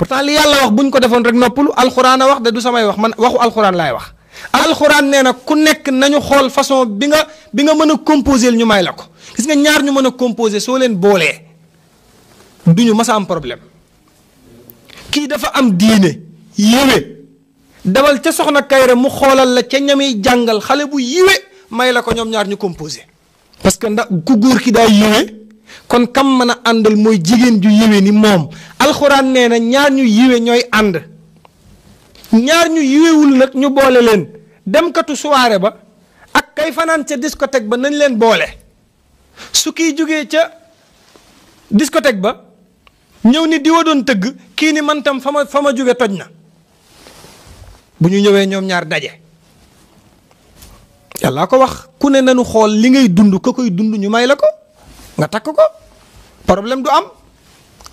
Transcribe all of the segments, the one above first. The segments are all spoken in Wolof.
pourtant li yàlla wax buñ ko defoon rek noppalu alxuraan a wax da du samay wax man waxu alxuraan laay wax. alxuraan nee na ku nekk nañu xool façon bi nga bi nga mën a composer ñu may la ko gis nga ñaar ñu mën a composer soo leen boolee duñu mas a am problème kii dafa am diine yéwe dawal ca soxna kayra mu xoolal la ca ñami jàngal xale bu yiwe may la ko ñoom ñaar ñu composé parce que ndax ku góor ki daa yiwe kon kam mana andal moy jigen ju yewé ni mom alquran néna ñaar ñu yewé ñoy and ñaar ñu wul nak ñu bolé len dem katu soirée ba ak kay fanan ci discothèque ba nañ len bolé su ki juggé ci discothèque ba ñew ni diwa doon teug ki ni man tam fama fama juggé tojna bu ñu ñëwee ñom ñaar daje yalla ko wax ku ne nanu xol li ngay dund ko koy dund ñu may la ko nga takk ko problème du am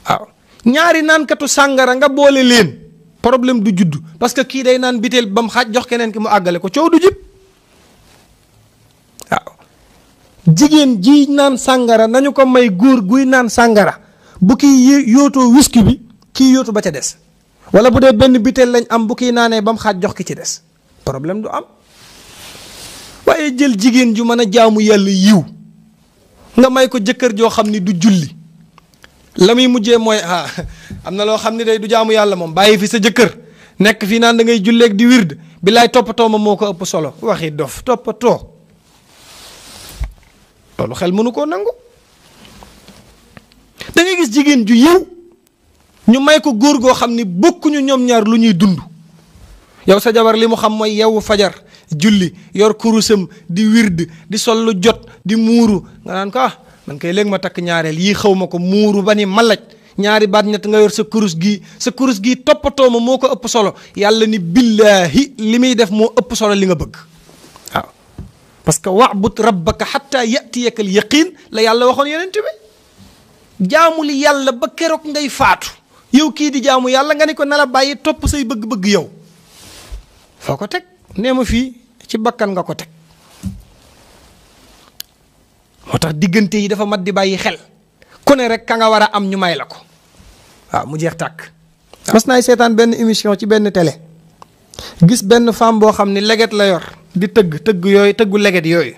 waaw ñaari sanggaran sangara nga bolé len problème du judd parce que ki day nan bitel bam xaj jox kenen ki mu agalé ko ciow du jib waaw jigen ji nan sangara nañu ko may goor guy nan sangara bu ki yoto whisky bi ki yoto ba ca des wala bu dé ben bitel lañ am bu ki nané bam xaj jox ki ci des problème du am waye jël jigen ju mëna jaamu yalla yiw nga may ko jëkkër joo xam ni du julli la muy mujjee mooy ah am na loo xam ni day du jaamu yàlla moom bàyyi fi sa jëkkër nekk fii naan da ngay julleeg di wird billaay toppatoo ma moo ko ëpp solo waxi dof toppatoo loolu xel mënu koo nangu da gis jigéen ju yiw ñu may ko góor goo xam ni bokkuñu ñoom ñaar lu ñuy dund yow sa jabar li mu xam mooy yeewu fajar julli yor kurusam di wird di sol jot di muru nga nan ko mata ah, man kay leg ma tak ñaarel yi xawma ko muru bani malaj ñaari bat ñet nga yor sa kurus gi sa kurus gi topato mo moko upp solo yalla ni billahi limi def mo upp solo li nga bëgg waaw parce que wa'bud rabbaka hatta ya'tiyaka al yaqin la yàlla waxoon yeneen bi jaamu li yàlla ba keroog ngay faatu yow ki di jaamu yalla nga ni ko nala bayyi top say bëgg-bëgg yow foko tek nee ma fii ci bakkan nga ko teg moo tax diggante yi dafa mat di bàyyi xel ku ne rek ka nga war a am ñu may la ko waaw mu jeex tàkk. mas naay seetaan benn émission ci benn tele gis benn femme boo xam ni leget la yor di tëgg tëgg yooyu tëggu leget yooyu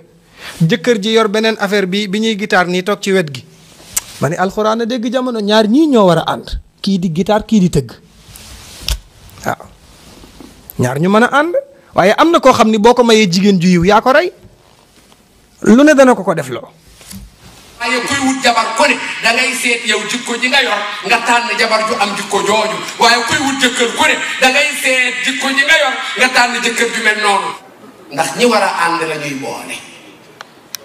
jëkkër ji yor beneen affaire bi bi ñuy gitaar ni toog ci wet gi. ma ne alxuraan a dégg jamono ñaar ñii ñoo war a ànd kii di gitaar kii di tëgg waaw ñaar ñu mën a ànd. waaye am na koo xam ni boo ko mayee jigéen ju yiw yaa ko rey lu ne dana ko ko def loo waaye kuy wut jabar ko ne da seet yow jikko ji nga yor nga tànn jabar am jikko jooju waaye kuy wut jëkkër ko ne da ngay seet mel noonu ndax ñi war a ànd la ñuy boole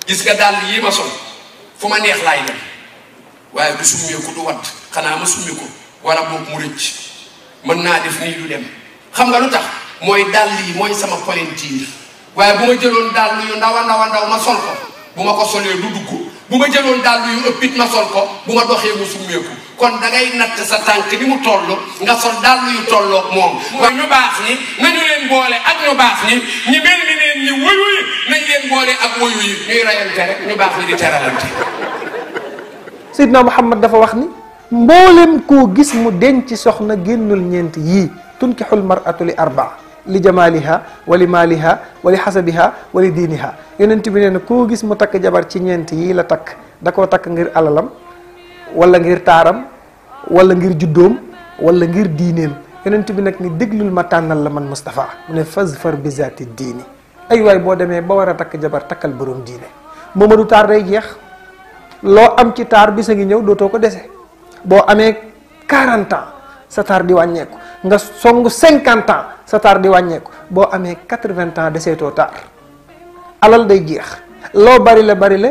gis nga dàll yii ma sol fu ma neex laay dem waaye du summeeku du wadd xanaa ma summi ko wala boog mu rëcc mën naa def nii du dem xam nga lu tax mooy dàll yi mooy sama polentiin waaye bu ma jëloon dàll yu ndaw a ndaw a ndaw ma sol ko bu ma ko solee du dugg bu ma jëloon dàll yu ëppit ma sol ko bu ma doxee mu summeeku kon da natt sa tànk ni mu toll nga sol dàll yu tolloog moom mooy ñu baax ni nañu leen boole ak ñu baax ni ak wuyu yi ñuy rayante rek ñu baax ni di teralante Seydina Muhammad dafa wax ni mboolem koo gis mu denc soxna génnul ñeent yii tunkixul maratu arbaa li jamaaliha wali maaliha wali xasabiha wali diiniha yonent bi nee na koo gis mu takk jabar ci ñeent yii la takk da koo takk ngir alalam wala ngir taaram wala ngir juddoom wala ngir diineem yonent bi nag ni déglul ma tànnal la man Moustapha mu ne fas far bi bizaati diini ay waay boo demee ba war a takk jabar takkal borom diine Momadou taar day jeex loo am ci taar bi sa ngi ñëw dootoo ko dese boo amee 40 ans sa taar di wàññeeku nga songu 50 ans sa tar di ko bo amé 80 ans deseetoo tar alal day jeex lo bari le bari le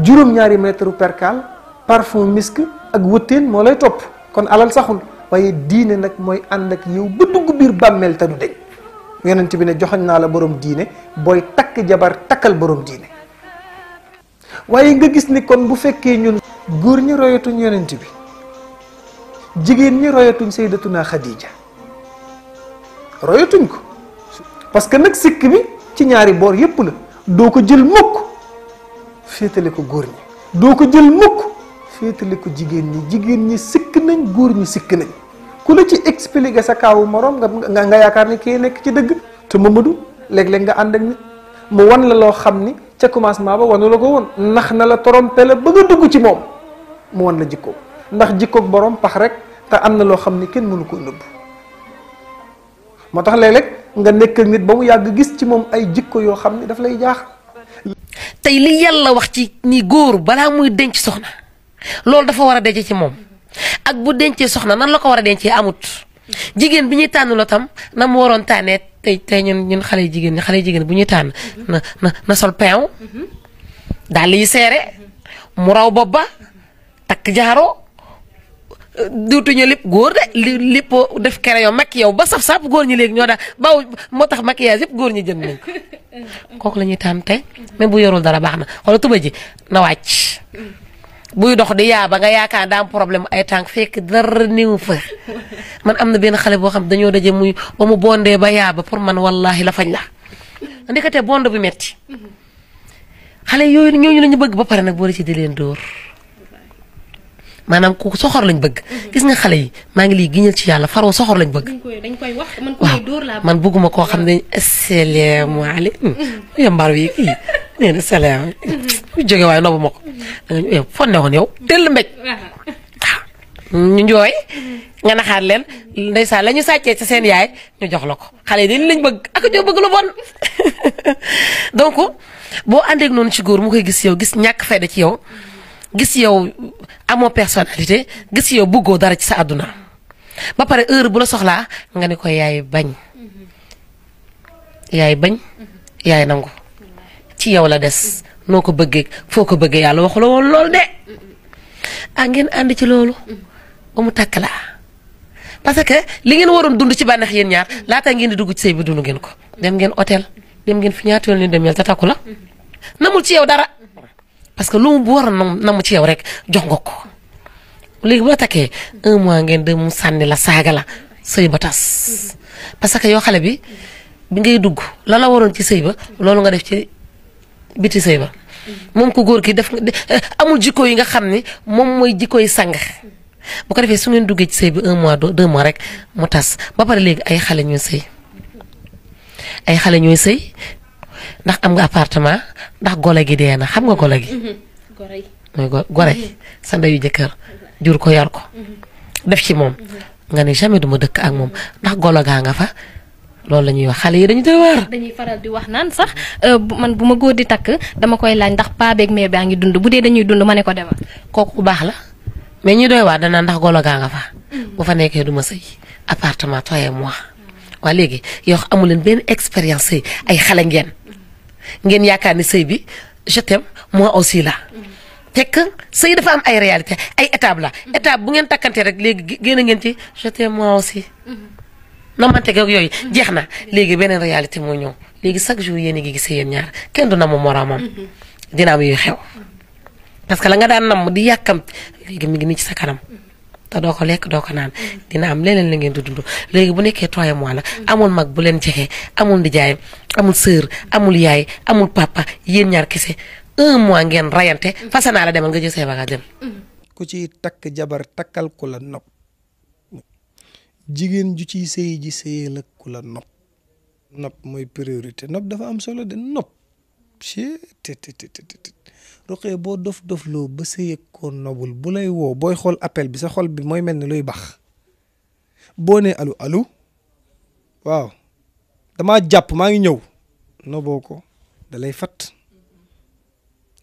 juróom ñaari mètre percal parfum misk ak wëttéen mo lay top kon alal saxul waye diine nak moy and ak yow bu dugg bir bammel ta du deñ yonent bi ne joxagn na la borom diine boy tak jabar takal borom diine waye nga gis ni kon bu fekke ñun góor ñi royatu yonent bi jigen ñi royatuñ sayyidatuna Khadija royatuñ ko parce que nag sikk bi ci ñaari boor yépp la doo ko jël mukk féetale ko góor ñi doo ko jël mukk féetale ko jigéen ñi jigéen ñi sikk nañ góor ñi sikk nañ ku la ci expliquer sa kaawu moroom nga nga yaakaar ni kii nekk ci dëgg te Mamadou léeg-léeg nga ànd ak nit mu wan la loo xam ni ca commencement ba wanu la ko woon ndax na la trompé la ba nga dugg ci moom mu wan la jikkoog ndax jikkoog borom pax rek te am na loo xam ni kenn mënu ko nëbb moo tax léeg-léeg nga nekk ak nit ba mu yàgg gis ci moom ay jikko yoo xam ne daf lay jaax tey li yàlla wax ci ni góor balaa muy denc soxna loolu dafa war a daje ci moom ak bu dencee soxna nan la ko war a dencee amut jigéen bi ñuy tànn loo tam na mu waroon tànnee tey tey ñun ñun xale jigéen ñi xale jigéen bu ñuy tànn na na na sol peew mhm. daal seere mu raw bopp ba takk jaaro duutuñu lépp góor de li lépp def crayon yow ba saf saf góor ñi léegi ñoo daal baw moo tax maquillage yëpp góor ñi jënd nañ ko kooku la ñuy tànn tey même bu yorul dara baax na xoolal tuba ji na wàcc buy dox di yaa ba nga yaakaar daa problème ay tànk fekk dara néew fa man am na benn xale boo xam dañoo daje muy ba mu bondee ba yaaba pour man wallahi la fañ la ndekete bond bi metti xale yooyu ñoo la ñu bëgg ba pare nag boole ci di leen dóor maanaam ku soxor lañ bëgg. Mhm. gis nga xale yi maa ngi lii giñal ci yàlla faroo soxor lañ bëgg. dañ koy wax man ku lay dóor man bëgguma koo xam ne asalaamaaleykum. Mhm. yambaar wi kii nee na salaam. Mhm. bu ko. da nga eh, yow tëll mbéj. Ah, ñu njooy nga naxaar leen ndeysaan la ñu sàccee ci seen yaay ñu jox la ko xale yi dañ lañ bëgg ak ñoo bëgg lu bon donc boo àndeek noonu ci góor mu koy gis yow gis ñàkk fayda ci yow gis yow amo personnalité gis yow bugo dara ci sa aduna ba paré heure bu la soxla nga ni ko yaay bañ yaay bañ yaay nangu ci yow la des noko ko foko foo yalla bëggee yàlla waxu la woon ah, loolu de ngeen and ci lolou ba mu tàkk laa parce que li ngeen waron dund ci bànneex yeen ñaar tay ngeen di dugg ci sey bi dunu ngeen ko dem ngeen hôtel dem ngeen fi dem namul ci yow dara parce que lu mu bu war a nam ci yow rek jox nga ko léegi boo takkee un mois ngeen de mu sànni la saaga la sëy ba tas. parce que yow xale bi bi ngay dugg la la waroon ci sëy ba loolu nga def ci biti sëy ba moom ku góor ki def amul jikko yi nga xam ne moom mooy jikko yi sang. bu ko defee su ngeen duggee ci sëy bi un mois deux mois rek mu tas ba pare léegi ay xale ñuy sëy ay xale ñooy sëy ndax am nga appartement ndax golé gi déna xam nga golé gi. Mhm. mooy go gore mhm. sa yu jëkkër mhm. jur ko yar ko. def ci mom nga ni jamais duma dëkk ak mom ndax golo ga nga fa. loolu lañuy wax xalé yi dañu tay war dañuy faral di wax nan sax euh man buma goor di tak dama koy lañ ndax pa beeg mère baangi dund bu dee dañuy dund mané ko déma koku bu baax la mais ñi doy war dana ndax golo ga nga fa. bu fa nekké duma sey appartement toyé moi wa légui yo xamulén ben expérience ay xalé ngeen. ngeen yaakaar ni sëy bi je t'aime aussi la fekk sey dafa am ay réalité ay étape la mhm. étape bu ngeen takkante rek léegi génn ngeen ci je t'aime na aussi mhm. namante ak yooyu mhm. jeex na léegi beneen réalité moo ñëw léegi chaque jour yéen a ngi gisee yéen ñaar kenn du namm moroomam dina am yuy xew parce que la nga daan namm di yàkkam léegi mi nii ci sa kanam te doo ko lekk doo ko naan dina am leneen la ngeen di dund léegi bu nekkee trois mois la amul mag bu leen jege amul ndijaay amul sœur amul yaay amul papa yéen ñaar kese un mois ngeen rayante fase naa la demal nga jël say bagage dem. ku ci takk jabar takkal ku la nopp jigéen ju ciy sëy ji sëyal ak ku la mooy priorité nopp dafa am solo de nop te te te te roqee boo dof dof loo ba sa yëg koo nobul bu lay woo booy xool appel bi sa xol bi mooy mel ni luy bax boo nee alu alu waaw damaa jàpp maa ngi ñëw noboo ko da lay fat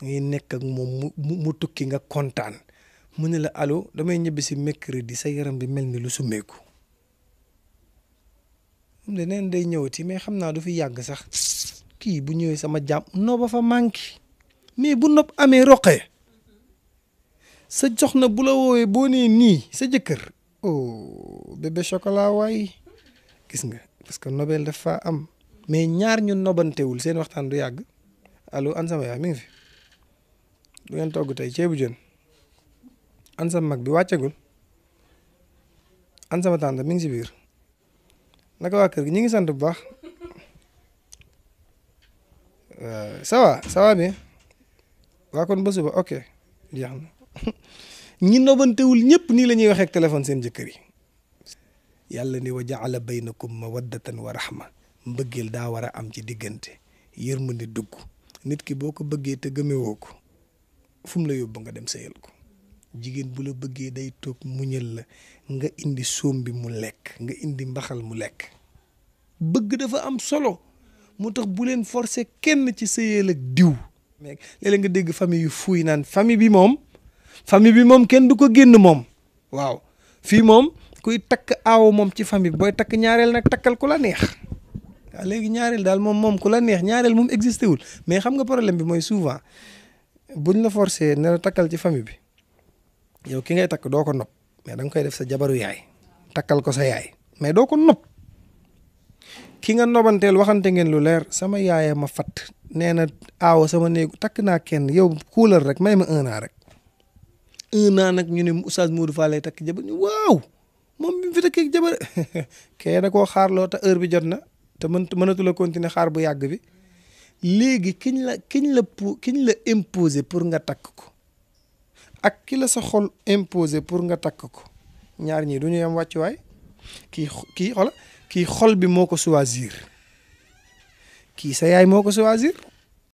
ngay nekk ak moom mu mu tukki nga kontaan mu ne la allo damay ñibbi si mercredi sa yaram bi mel ni lu summeeku moom de neen day ñëwati mais xam naa du fi yàgg sax kii bu ñëwee sama jàmm noba fa manqué mais bu nopp amee roqee sa jox na bu la woowee boo nee nii sa jëkkër oh bébé chocolat waay gis nga parce que nobel dafa am mais ñaar ñu nobantewul seen waxtaan du yàgg allo an sama yaa mi ngi fi du ngeen togg tey ceebu jën an sama mag bi wàccagul an sama tante mi ngi si biir naka waa kër gi ñi ngi sant bu baax waaw euh, sawa va waa kon ba suba ok ñi nobantewul ñëpp nii lañuy ñuy waxee ak seen jëkkër yi yàlla ni wa jaala baynakum mawaddatan wa rahma mbëggeel daa war a am ci diggante yërmande dugg nit ki boo ko bëggee te gëmewoo ko fu mu la yóbbu nga dem sëyal ko jigéen bu la bëggee day toog muñal la nga indi soom bi mu lekk nga indi mbaxal mu lekk bëgg dafa am solo moo tax bu leen forcer kenn ci sëyeel ak diw mais léeg nga dégg famille yu fuy naan famille bi moom famille bi moom kenn du ko génn moom waaw fii moom kuy takk aaw moom ci famille bi booy takk ñaareel nag takkal ko la neex waaw léegi ñaareel daal moom moom ku la neex ñaareel moom existé wul mais xam nga problème bi mooy souvent buñ la forcer ne takkal ci famille bi yow ki ngay takk doo ko nopp mais da koy def sa jabaru yaay takkal ko sa yaay mais doo ki nga nobanteel waxante ngeen lu leer sama yaaya ma fat nee na aawa sama néegu takk naa kenn yow kuulal rek may ma un rek un nag ñu ne Oustaz Modou Fall lay takk jabar ñu waaw moom bi mu fi takkee jabar kee da koo xaarloo te heure bi jot na te mën mënatu la continuer xaar bu yàgg bi léegi kiñ la kiñ la pu kiñ la imposer pour nga takk ko ak kila la sa xol imposer pour nga takk ko ñaar ñii du ñu yam wàccuwaay kii kii xola kii xol bi moo ko choisir kii sa yaay moo ko choisir